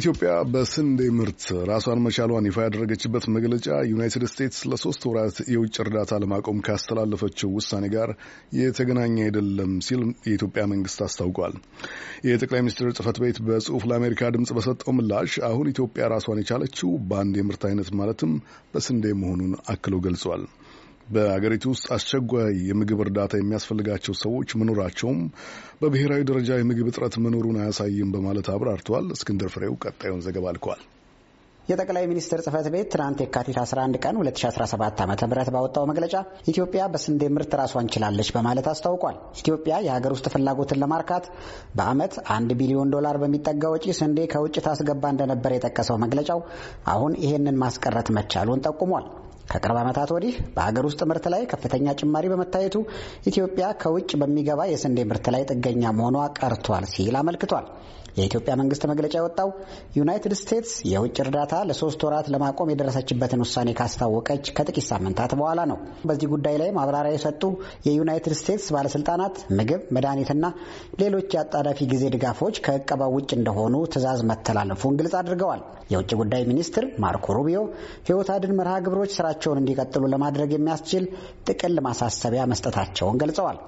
ኢትዮጵያ በስንዴ ምርት ራሷን መቻሏን ይፋ ያደረገችበት መግለጫ ዩናይትድ ስቴትስ ለሶስት ወራት የውጭ እርዳታ ለማቆም ካስተላለፈችው ውሳኔ ጋር የተገናኘ አይደለም ሲል የኢትዮጵያ መንግስት አስታውቋል። የጠቅላይ ሚኒስትር ጽህፈት ቤት በጽሁፍ ለአሜሪካ ድምጽ በሰጠው ምላሽ አሁን ኢትዮጵያ ራሷን የቻለችው በአንድ የምርት አይነት ማለትም በስንዴ መሆኑን አክሎ ገልጿል። በአገሪቱ ውስጥ አስቸኳይ የምግብ እርዳታ የሚያስፈልጋቸው ሰዎች መኖራቸውም በብሔራዊ ደረጃ የምግብ እጥረት መኖሩን አያሳይም በማለት አብራርተዋል። እስክንድር ፍሬው ቀጣዩን ዘገባ ልከዋል። የጠቅላይ ሚኒስትር ጽህፈት ቤት ትናንት የካቲት 11 ቀን 2017 ዓ ም ባወጣው መግለጫ ኢትዮጵያ በስንዴ ምርት ራሷን እንችላለች በማለት አስታውቋል። ኢትዮጵያ የሀገር ውስጥ ፍላጎትን ለማርካት በዓመት 1 ቢሊዮን ዶላር በሚጠጋ ወጪ ስንዴ ከውጭ ታስገባ እንደነበር የጠቀሰው መግለጫው አሁን ይህንን ማስቀረት መቻሉን ጠቁሟል። ከቅርብ ዓመታት ወዲህ በሀገር ውስጥ ምርት ላይ ከፍተኛ ጭማሪ በመታየቱ ኢትዮጵያ ከውጭ በሚገባ የስንዴ ምርት ላይ ጥገኛ መሆኗ ቀርቷል ሲል አመልክቷል። የኢትዮጵያ መንግስት መግለጫ የወጣው ዩናይትድ ስቴትስ የውጭ እርዳታ ለሶስት ወራት ለማቆም የደረሰችበትን ውሳኔ ካስታወቀች ከጥቂት ሳምንታት በኋላ ነው። በዚህ ጉዳይ ላይ ማብራሪያ የሰጡ የዩናይትድ ስቴትስ ባለስልጣናት ምግብ፣ መድኃኒትና ሌሎች የአጣዳፊ ጊዜ ድጋፎች ከእቀባው ውጭ እንደሆኑ ትዕዛዝ መተላለፉን ግልጽ አድርገዋል። የውጭ ጉዳይ ሚኒስትር ማርኮ ሩቢዮ ህይወት አድን መርሃ ግብሮች ስራቸውን እንዲቀጥሉ ለማድረግ የሚያስችል ጥቅል ማሳሰቢያ መስጠታቸውን ገልጸዋል።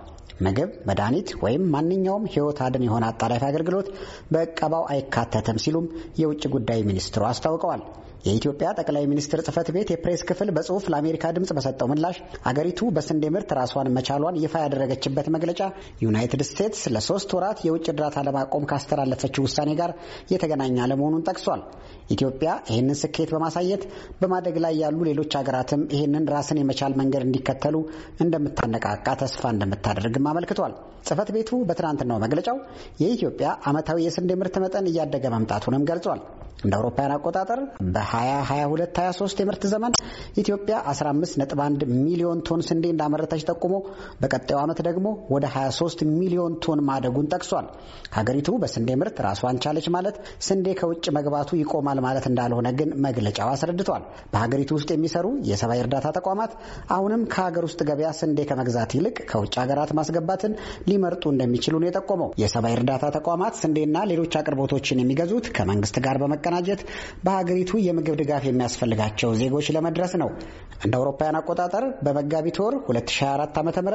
ምግብ፣ መድኃኒት ወይም ማንኛውም ሕይወት አድን የሆነ አጣዳፊ አገልግሎት በእቀባው አይካተትም ሲሉም የውጭ ጉዳይ ሚኒስትሩ አስታውቀዋል። የኢትዮጵያ ጠቅላይ ሚኒስትር ጽህፈት ቤት የፕሬስ ክፍል በጽሁፍ ለአሜሪካ ድምፅ በሰጠው ምላሽ አገሪቱ በስንዴ ምርት ራሷን መቻሏን ይፋ ያደረገችበት መግለጫ ዩናይትድ ስቴትስ ለሶስት ወራት የውጭ እርዳታ ለማቆም ካስተላለፈችው ውሳኔ ጋር የተገናኘ አለመሆኑን ጠቅሷል። ኢትዮጵያ ይህንን ስኬት በማሳየት በማደግ ላይ ያሉ ሌሎች ሀገራትም ይህንን ራስን የመቻል መንገድ እንዲከተሉ እንደምታነቃቃ ተስፋ እንደምታደርግ መሆኑንም አመልክቷል። ጽህፈት ቤቱ በትናንትናው መግለጫው የኢትዮጵያ ዓመታዊ የስንዴ ምርት መጠን እያደገ መምጣቱንም ገልጿል። እንደ አውሮፓውያን አቆጣጠር በ2022/23 የምርት ዘመን ኢትዮጵያ 15.1 ሚሊዮን ቶን ስንዴ እንዳመረተች ጠቁሞ በቀጣዩ ዓመት ደግሞ ወደ 23 ሚሊዮን ቶን ማደጉን ጠቅሷል። ሀገሪቱ በስንዴ ምርት ራሷን ቻለች ማለት ስንዴ ከውጭ መግባቱ ይቆማል ማለት እንዳልሆነ ግን መግለጫው አስረድቷል። በሀገሪቱ ውስጥ የሚሰሩ የሰብአዊ እርዳታ ተቋማት አሁንም ከሀገር ውስጥ ገበያ ስንዴ ከመግዛት ይልቅ ከውጭ ሀገራት ማስገባትን ሊመርጡ እንደሚችሉ ነው የጠቆመው። የሰብአዊ እርዳታ ተቋማት ስንዴና ሌሎች አቅርቦቶችን የሚገዙት ከመንግስት ጋር በመቀናጀት በሀገሪቱ የምግብ ድጋፍ የሚያስፈልጋቸው ዜጎች ለመድረስ ነው። እንደ አውሮፓውያን አቆጣጠር በመጋቢት ወር 2024 ዓ ም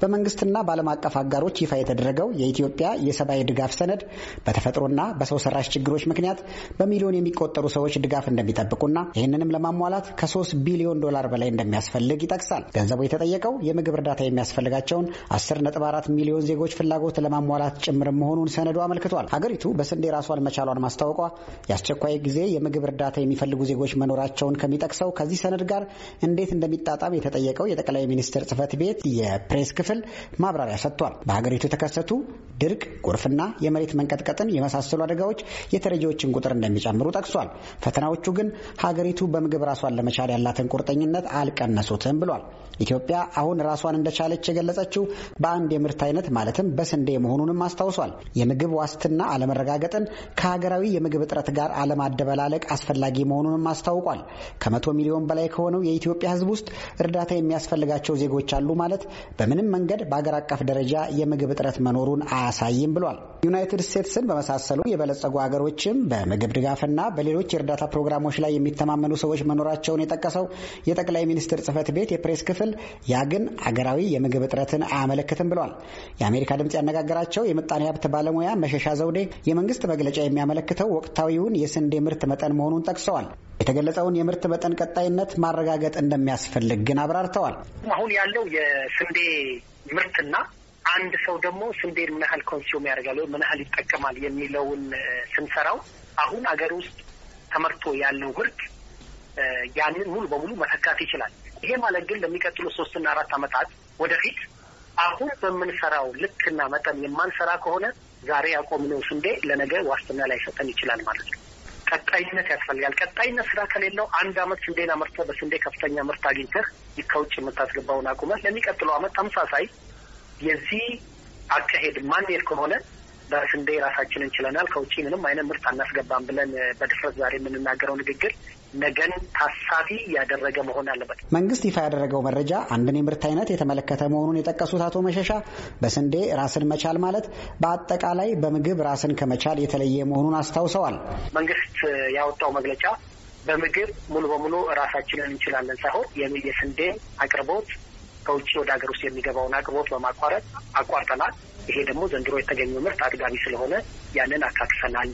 በመንግስትና በዓለም አቀፍ አጋሮች ይፋ የተደረገው የኢትዮጵያ የሰብአዊ ድጋፍ ሰነድ በተፈጥሮና በሰው ሰራሽ ችግሮች ምክንያት በሚሊዮን የሚቆጠሩ ሰዎች ድጋፍ እንደሚጠብቁና ይህንንም ለማሟላት ከ3 ቢሊዮን ዶላር በላይ እንደሚያስፈልግ ይጠቅሳል። ገንዘቡ የተጠየቀው የምግብ እርዳታ የሚያስፈልጋቸውን 10.4 ሚሊዮን ዜጎች ፍላጎት ለማሟላት ጭምር መሆኑን ሰነዱ አመልክቷል። ሀገሪቱ በስንዴ ራሷን መቻሏን ማስታወቋ የአስቸኳይ ጊዜ የምግብ እርዳታ የሚፈልጉ ዜጎች መኖራቸውን ከሚጠቅሰው ከዚህ ሰነድ ጋር እንዴት እንደሚጣጣም የተጠየቀው የጠቅላይ ሚኒስትር ጽህፈት ቤት የፕሬስ ክፍል ማብራሪያ ሰጥቷል። በሀገሪቱ የተከሰቱ ድርቅ፣ ጎርፍና የመሬት መንቀጥቀጥን የመሳሰሉ አደጋዎች የተረጂዎችን ቁጥር እንደሚጨምሩ ጠቅሷል። ፈተናዎቹ ግን ሀገሪቱ በምግብ ራሷን ለመቻል ያላትን ቁርጠኝነት አልቀነሱትም ብሏል። ኢትዮጵያ አሁን ራሷን እንደቻለች የገለጸችው በአንድ የምርት አይነት ማለትም በስንዴ መሆኑንም አስታውሷል። የምግብ ዋስትና አለመረጋገጥን ከሀገራዊ የምግብ እጥረት ጋር አለማደበላለቅ አስፈላጊ መሆኑንም አስታውቋል። ከመቶ ሚሊዮን በላይ ከሆነው የኢትዮጵያ ሕዝብ ውስጥ እርዳታ የሚያስፈልጋቸው ዜጎች አሉ ማለት በምንም መንገድ በአገር አቀፍ ደረጃ የምግብ እጥረት መኖሩን አያሳይም ብሏል። ዩናይትድ ስቴትስን በመሳሰሉ የበለጸጉ ሀገሮችም በምግብ ድጋፍና በሌሎች የእርዳታ ፕሮግራሞች ላይ የሚተማመኑ ሰዎች መኖራቸውን የጠቀሰው የጠቅላይ ሚኒስትር ጽህፈት ቤት የፕሬስ ክፍል ያ ግን አገራዊ የምግብ እጥረትን አያመለክትም ብሏል። የአሜሪካ ድምፅ ያነጋገራቸው የምጣኔ ሀብት ባለሙያ መሸሻ ዘውዴ የመንግስት መግለጫ የሚያመለክተው ወቅታዊውን የስንዴ ምርት መጠን መሆኑን ጠቅሰዋል። የተገለጸውን የምርት መጠን ቀጣይነት ማረጋገጥ እንደሚያስፈልግ ግን አብራርተዋል። አሁን ያለው የስንዴ ምርትና አንድ ሰው ደግሞ ስንዴ ምን ያህል ኮንሱም ያደርጋል ወይም ምን ያህል ይጠቀማል የሚለውን ስንሰራው አሁን አገር ውስጥ ተመርቶ ያለው ምርት ያንን ሙሉ በሙሉ መተካት ይችላል። ይሄ ማለት ግን ለሚቀጥሉ ሶስትና አራት ዓመታት ወደፊት አሁን በምንሰራው ልክና መጠን የማንሰራ ከሆነ ዛሬ ያቆምነው ስንዴ ለነገ ዋስትና ላይሰጠን ይችላል ማለት ነው። ቀጣይነት ያስፈልጋል። ቀጣይነት ስራ ከሌለው አንድ አመት ስንዴን አምርተህ በስንዴ ከፍተኛ ምርት አግኝተህ ከውጭ የምታስገባውን አቁመህ ለሚቀጥለው አመት ተመሳሳይ የዚህ አካሄድ ማንሄድ ከሆነ በስንዴ ራሳችን እንችለናል፣ ከውጭ ምንም አይነት ምርት አናስገባም ብለን በድፍረት ዛሬ የምንናገረው ንግግር ነገን ታሳቢ ያደረገ መሆን አለበት። መንግስት ይፋ ያደረገው መረጃ አንድን የምርት አይነት የተመለከተ መሆኑን የጠቀሱት አቶ መሸሻ በስንዴ ራስን መቻል ማለት በአጠቃላይ በምግብ ራስን ከመቻል የተለየ መሆኑን አስታውሰዋል። መንግስት ያወጣው መግለጫ በምግብ ሙሉ በሙሉ ራሳችንን እንችላለን ሳይሆን የስንዴ አቅርቦት ከውጭ ወደ ሀገር ውስጥ የሚገባውን አቅርቦት በማቋረጥ አቋርጠናል። ይሄ ደግሞ ዘንድሮ የተገኘው ምርት አድጋቢ ስለሆነ ያንን አካክሰናል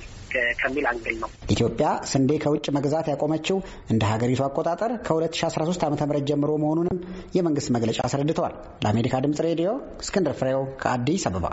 ከሚል አንግል ነው። ኢትዮጵያ ስንዴ ከውጭ መግዛት ያቆመችው እንደ ሀገሪቱ አቆጣጠር ከ2013 ዓ ም ጀምሮ መሆኑንም የመንግስት መግለጫ አስረድተዋል። ለአሜሪካ ድምጽ ሬዲዮ እስክንድር ፍሬው ከአዲስ አበባ